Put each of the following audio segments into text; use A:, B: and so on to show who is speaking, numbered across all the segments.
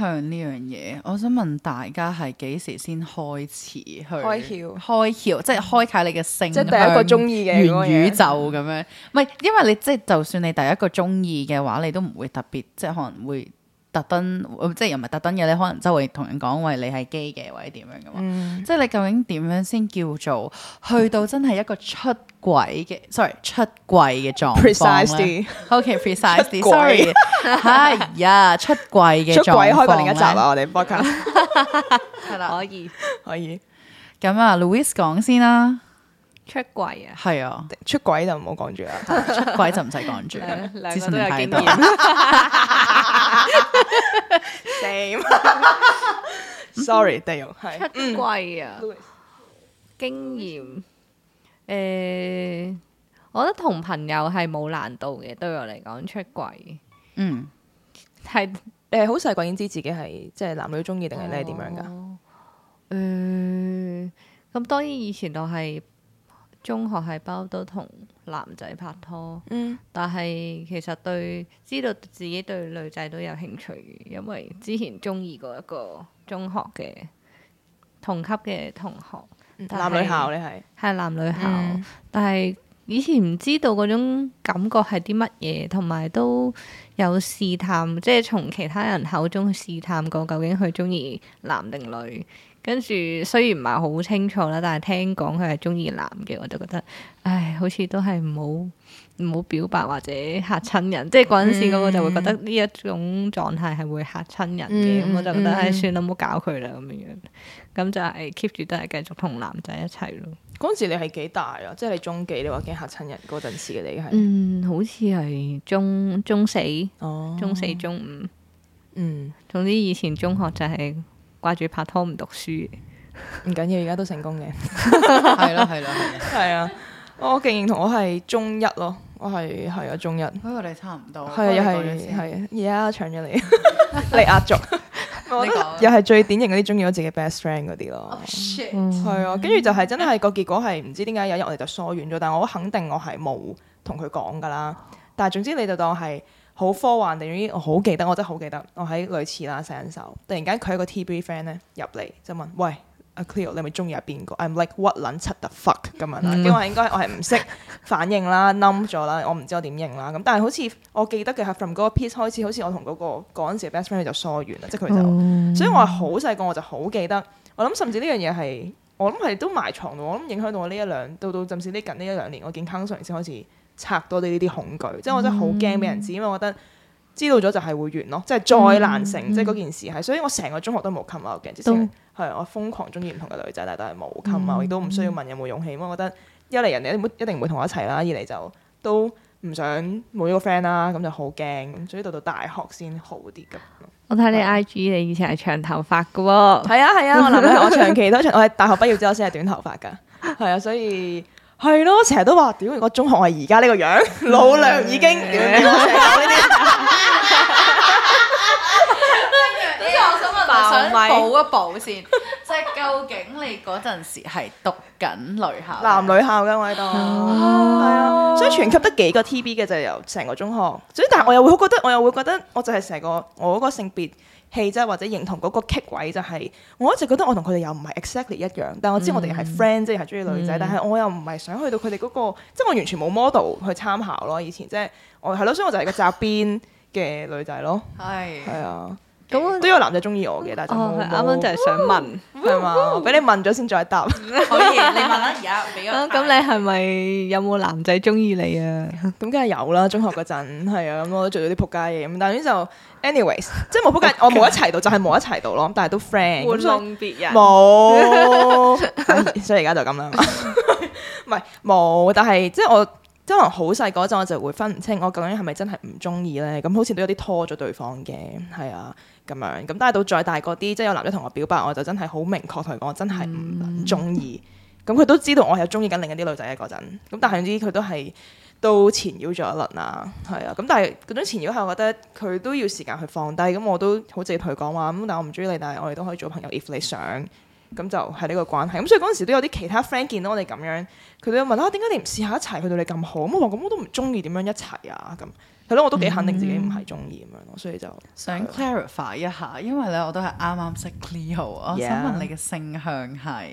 A: 向呢樣嘢，我想問大家係幾時先開始去開竅？開竅即係開啓你嘅性向，即係第一個中意嘅宇宙咁樣。唔係， 因為你即係就算你第一個中意嘅話，你都唔會特別，即係可能會。特登，即係又唔係特登嘅咧？可能周圍同人講喂，你係 gay 嘅，或者點樣嘅嘛？嗯、即係你究竟點樣先叫做去到真係一個出軌嘅？sorry， 出櫃嘅狀 precisely，OK，precisely，sorry，哎呀，出軌嘅出軌，開過另一集啦，我哋 book
B: 係啦，可以可以。
A: 咁啊，Louise 講先啦。
B: 出櫃啊，
C: 係啊，出軌就唔好講住啦，出軌就唔使講住，兩人都有經驗。Same Sorry，戴勇係。出櫃啊，
B: 經驗，誒，我覺得同朋友係冇難度嘅，對我嚟講，出櫃，嗯，係誒，好細個已經知自己係即係男女中意定係你係點樣噶？誒，咁當然以前就係。中學係包都同男仔拍拖，嗯、但係其實對知道自己對女仔都有興趣，因為之前中意過一個中學嘅同級嘅同學，男女校呢，係，係男女校，嗯、但係以前唔知道嗰種感覺係啲乜嘢，同埋都有試探，即、就、係、是、從其他人口中試探過究竟佢中意男定女。跟住雖然唔係好清楚啦，但係聽講佢係中意男嘅，我就覺得，唉，好似都係唔好唔好表白或者嚇親人。嗯、即係嗰陣時，嗰個就會覺得呢一種狀態係會嚇親人嘅，咁、嗯、我就覺得唉、嗯哎，算啦，唔好搞佢啦，咁樣樣，咁就係 keep 住都係繼續同男仔一齊咯。嗰
C: 陣時你係幾大啊？即係你中幾？你話驚嚇親人嗰陣時你係？
B: 嗯，好似係中中四，哦，中四
C: 中五，嗯，
B: 總之以前中學就係、是。
C: 掛住拍拖唔讀書，唔緊要，而家都成功嘅。係啦係啦係啊，我我勁認同，我係中一咯，我係係我中一。我哋差唔多，係又係係，而家搶咗你，你壓軸。你講又係最典型嗰啲中意咗自己 best friend 嗰啲咯。係啊，跟住就係真係個 結果係唔知點解有一日我哋就疏遠咗，但我肯定我係冇同佢講噶啦。但係總之你就當係。好科幻定於我好記得，我真係好記得，我喺類似啦，細人手。突然間佢一個 T B friend 咧，入嚟就問，喂，阿 Cleo 你係咪中意阿邊個？I'm like what 撚出的 fuck 咁樣啦、啊。 因為應該我係唔識反應啦、num 咗、 呃、啦，我唔知我點認啦。咁但係好似我記得嘅係 from 嗰個 piece 開始，好似我同嗰、那個嗰陣時 best friend 就疏遠啦，即係佢就。嗯、所以我係好細個，我就好記得。我諗甚至呢樣嘢係我諗係都埋藏到，我諗影響到我呢一兩到到甚至呢近呢一兩年，我見康順先開始。拆多啲呢啲恐懼，即係我真係好驚俾人知，因為我覺得知道咗就係會完咯，即係再難成，即係嗰件事係。所以我成個中學都冇 come out 嘅，之前係我瘋狂中意唔同嘅女仔，但都係冇 come out，亦都唔需要問有冇勇氣，因為我覺得一嚟人哋一定唔會同我一齊啦，二嚟就都唔想冇呢個 friend 啦，咁就好驚，所以到到大學先好啲咁。
B: 我睇你 IG，你以前係長頭髮嘅
C: 喎，係啊，係啊，我諗我長期都長，我係大學畢業之後先係短頭髮㗎，係啊，所以。係咯，成日都話，屌！我中學係而家呢個樣， 老娘已經屌屌成日講呢啲。呢個我想問，想補一
A: 補先，即係 究竟你嗰陣時係讀緊女校、 男
C: 女校嘅位度？係啊， 所以全級得幾個 TB 嘅，就由成個中學。所以但係我又會覺得，我又會覺得，我就係成個我嗰個性別。氣質或者認同嗰個 kick 位就係、是，我一直覺得我同佢哋又唔係 exactly 一樣，但係我知我哋係 friend 即係中意女仔，嗯、但係我又唔係想去到佢哋嗰個，即、就、係、是、我完全冇 model 去參考咯。以前即係我係咯，所以我就係個紮邊嘅女仔咯。係係啊。 的咁都有男仔中意我嘅，但係我啱啱就係想問係嘛，俾ウィ 嗎你問咗先再答。可以你問啦，而家俾咗。咁你係咪有冇男仔中意你啊？咁梗係有啦，中學嗰陣係啊，咁我都做咗啲仆街嘢咁，但係呢就 anyways，即係冇仆街，我冇一齊到就係冇一齊到咯，但係都 friend。冇送別人。冇，所以而家就咁啦。唔係冇，但係即係我。真係好細嗰陣，我就會分唔清我究竟係咪真係唔中意咧？咁好似都有啲拖咗對方嘅，係啊咁樣。咁但係到再大嗰啲，即係有男仔同我表白，我就真係好明確同佢講，我真係唔中意。咁佢、嗯、都知道我係中意緊另一啲女仔嘅嗰陣。咁但係總之佢都係都纏繞咗一輪啊，係啊。咁但係嗰種纏繞下我覺得佢都要時間去放低。咁我都好直接同佢講話，咁但係我唔中意你，但係我哋都可以做朋友，if 你想。咁就係呢個關係，咁所以嗰陣時都有啲其他 friend 見到我哋咁樣，佢都有問啦：點、啊、解你唔試下一齊去到你咁好？咁我咁、啊、我都唔中意點樣一齊啊咁，係咯我都幾肯定自己唔係中意咁樣咯，所以就、嗯、了想 clarify 一下，因為咧我都係啱啱識 Cleo 我想問你嘅性向係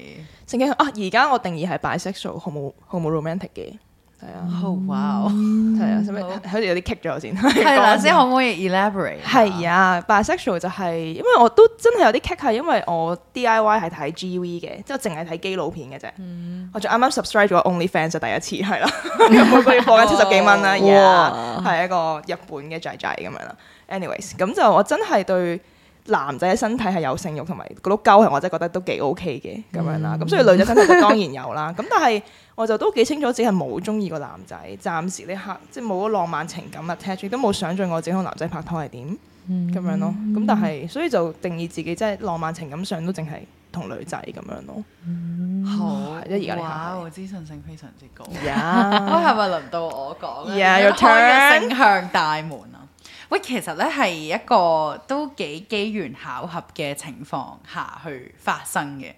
C: 性向啊？而家我定義係 bisexual 好冇好冇 romantic 嘅。係啊，好哇！係啊，咩？好似有啲 cut 咗先，係啦，先可唔可以 elaborate？係啊 ，bisexual 就係、是，因為我都真係有啲 cut 係因為我 DIY 係睇 GV 嘅，即係淨係睇基佬片嘅啫，mm hmm. 我仲啱啱 subscribe 咗 OnlyFans 啊，第一次係啦， 每個月放緊七十幾蚊啦，係一個日本嘅仔仔咁樣啦。anyways，咁就我真係對。男仔嘅身體係有性慾同埋嗰碌鳩，我真係覺得都幾 OK 嘅咁樣啦。咁、mm hmm. 嗯、所以女仔身體當然有啦。咁 但係我就都幾清楚自己係冇中意個男仔，暫時呢刻即係冇咗浪漫情感啊，attach 都冇想像過自己同男仔拍拖係點咁樣咯。咁、mm hmm. 但係所以就定義自己即係浪漫情感上都淨係同女仔咁樣咯。
A: 好而家哇，資訊性非常之高。呀，係咪輪到我講？呀、yeah, your turn, 性
C: 向大門
A: 啊！喂，其實咧係一個都幾機緣巧合嘅情況下去發生嘅，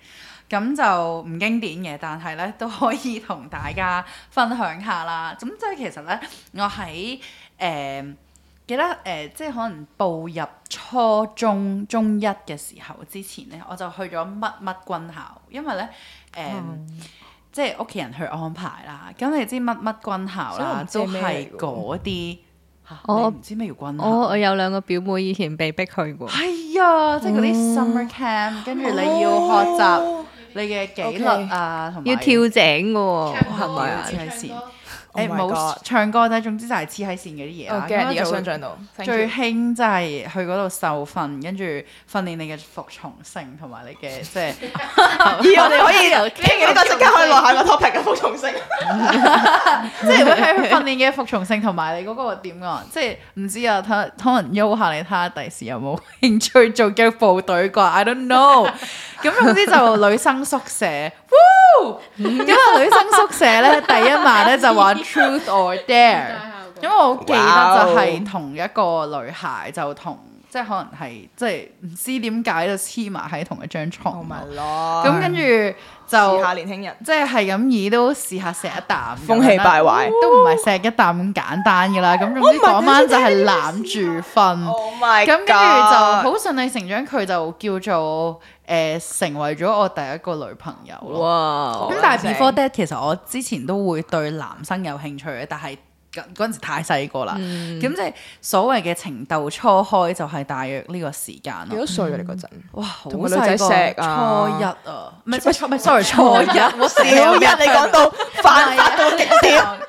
A: 咁就唔經典嘅，但係咧都可以同大家分享下啦。咁即係其實咧，我喺誒、呃、記得誒、呃，即係可能步入初中中一嘅時候之前咧，我就去咗乜乜軍校，因為咧誒、呃嗯、即係屋企人去安排啦。咁你知乜乜軍校啦，都係嗰
B: 啲。啊、我唔知咩叫軍校，我有兩個表妹以前被逼去過。係啊、哎
A: 呀，嗯、即係嗰啲 summer camp，跟住你要學習你嘅紀律啊，同埋、哦 okay、有要跳井嘅喎，係咪啊？誒，冇唱歌，但係總之就係黐喺線嗰啲嘢啦，而家想象度最興就係去嗰度受訓，跟住訓練你嘅服從性同埋你嘅即
C: 係，而我哋可以傾完呢個即刻可以落下一個 topic 嘅服從
A: 性，即係訓練嘅服從性同埋你嗰個點啊，即係唔知啊，睇可能喐下你睇下第時有冇興趣做嘅部隊啩，I don't know，咁總之就女生宿舍。咁為 女生宿舍咧， 第一晚咧 就話 truth or dare。 因為我記得就係同一個女孩就同，Wow. 即係可能係即係唔知點解就黐埋喺同一張床。咁跟住就下年輕人，即係係咁而都試下錫一啖， 風氣敗壞，都唔係錫一啖咁簡單噶啦。咁總之嗰晚就係攬住瞓。
C: 咁跟住就
A: 好順理成章，佢就叫做。誒成為咗我第一個女朋友咯哇！咁但係 before that，其實我之前都會對男生有興趣嘅，但係嗰陣時太細個啦。咁即係所謂嘅情竇初開，就係大約呢個時間咯。幾多歲啊？你嗰陣哇，好細個，初一啊！唔係唔係，sorry，初一，小一，你講到快到極點。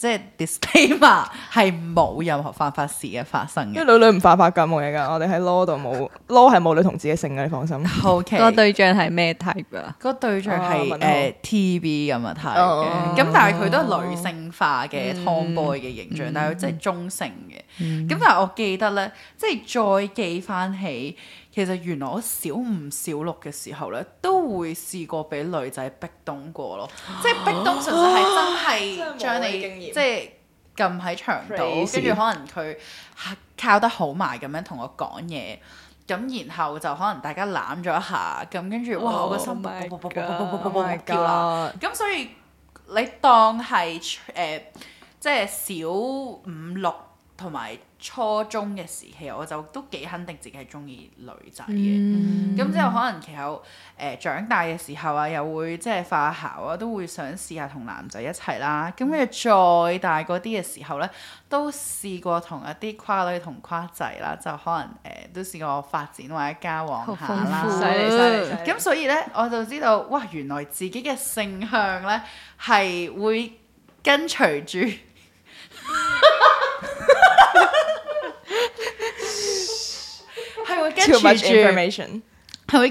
C: 即係 disclaimer 嘛，係冇任何犯法事嘅發生嘅。因為女女唔犯法㗎，冇嘢㗎。我哋喺 law 度冇 law 係冇女同志嘅性嘅，你放心。OK。個對
B: 象係咩、哦呃、type 啊、哦？個對象係誒
C: TB 咁嘅 type 嘅，
B: 咁但係佢都係女
A: 性化嘅 Tomboy 嘅形象，嗯、但係佢真係中性嘅。咁、嗯嗯、但係我記得咧，即係再記翻起。其實原來我小五小六嘅時候呢，都會試過俾女仔壁咚過咯，即係壁咚，純粹係真係將你、啊、即係撳喺牆度，跟住 ra 可能佢靠得好埋咁樣同我講嘢，咁然後就可能大家攬咗一下，咁跟住哇，我個心
B: 嘣嘣嘣嘣嘣嘣嘣叫啦，
A: 咁所以你當係誒、呃、即係小五六同埋，初中嘅時期，我就都幾肯定自己係中意女仔嘅。咁、嗯、之後可能其後誒、呃、長大嘅時候啊，又會即係化校啊，都會想試下同男仔一齊啦。咁跟住再大個啲嘅時候呢，都試過同一啲跨女同跨仔啦，就可能誒、呃、都試過發展或者交往下啦。咁所以呢，我就知道哇，原來自己嘅性向呢，係會跟隨住。
C: 跟隨住，係
A: 會 much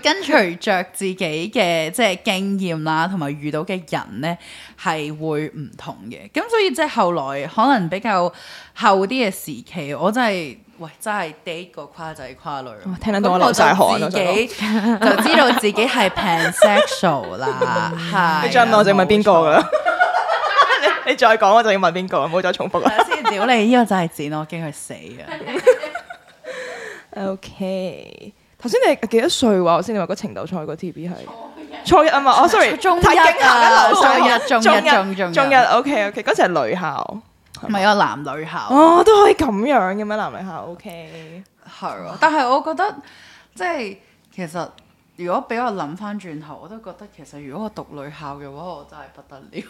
A: 跟隨着，着自己嘅即係經驗啦，同埋 遇到嘅人咧，係會唔同嘅。咁所以即係後來可能比較後啲嘅時期，我、就是、真係喂真係 date 個跨仔跨女，
C: 聽得到我流晒汗。嗯、我自己 就知道自己係 pansexual 啦，係、 啊、你再問我就問邊個啦？你再講我就要問邊個，唔好再重複啊！先屌你呢個就係剪我驚佢死啊！ O K，頭先你幾多歲話？我先你話個情竇，初個 T B 係初一啊嘛？哦，sorry，中一啊，中一，中一，中一，O K O K，嗰時係女校，唔係有個男女校哦，都可以咁樣嘅咩？男女校 O K 係啊，但係我覺得即
A: 係其實如果俾我諗翻轉
B: 頭，我都覺得
C: 其實如果我讀女校嘅話，我真係不得了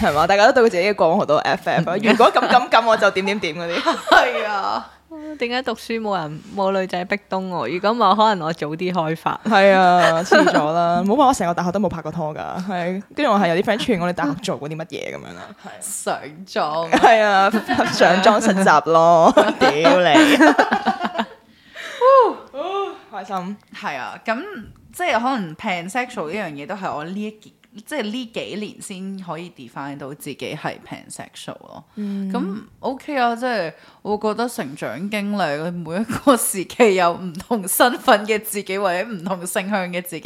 C: 係嘛？大家都對自己講好多 F F，如果咁咁咁，我就點點點嗰啲係啊。
B: 點解讀書冇人冇女仔逼東我？如果冇可能，我早啲開發。係啊，
C: 遲咗啦，冇話 我成個大學都冇拍過拖噶。係、啊，跟住我係有啲 friend 串我哋大學做過啲乜嘢咁樣啦。係
A: 上妝。
C: 係啊， 上妝實習咯，屌 了你！
A: 哇，開心。係啊，咁即係可能 pan sexual 呢樣嘢都係我呢一件。即係呢幾年先可以 define 到自己係 pansexual 咯，咁、嗯、OK 啊！即、就、係、是、我覺得成長經歷每一個時期有唔同身份嘅自己或者唔同性向嘅自己，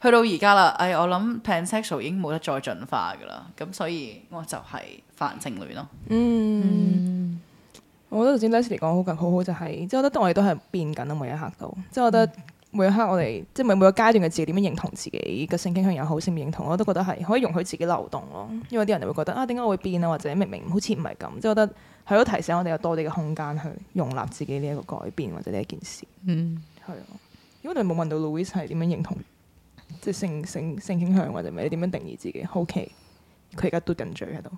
A: 去到而家啦，哎，我諗 pansexual 已經冇得再進化噶啦，咁所以我就係泛性戀咯。嗯，
C: 嗯我覺得頭先 Lezlie 講好近好好就係、是，即、就、係、是、我覺得我哋都係變緊咯，每一刻度，即、就、係、是、我覺得、嗯。每一刻我哋即係每每個階段嘅自己點樣認同自己嘅性傾向又好，識唔認同我都覺得係可以容許自己流動咯。因為啲人就會覺得啊，點解我會變啊？或者明明好似唔係咁，即係覺得係咯，提醒我哋有多啲嘅空間去容納自己呢一個改變或者呢一件事。嗯，係咯。如果你冇問到 Louise 係點樣認同即係性性性傾向或者咩？你點樣定義自己？好奇佢而家嘟緊嘴喺度。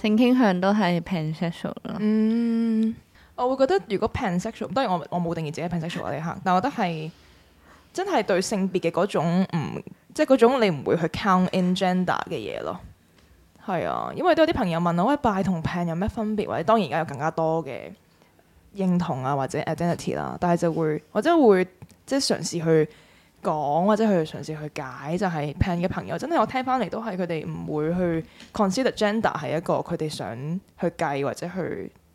C: 性傾向都係 pansexual 嗯。 我會覺得如果 pansexual，當然我我冇定義自己 pansexual 啊，你嚇，但我覺得係真係對性別嘅嗰種唔，即係嗰種你唔會去 count in gender 嘅嘢咯。係啊，因為都有啲朋友問我，喂，拜同 pan 有咩分別？或者當然而家有更加多嘅認同啊，或者 identity 啦、啊，但係就會我真係會即係嘗試去講或者去嘗試去解，解，就係 pan 嘅朋友真係我聽翻嚟都係佢哋唔會去 consider gender 係一個佢哋想去計或者去。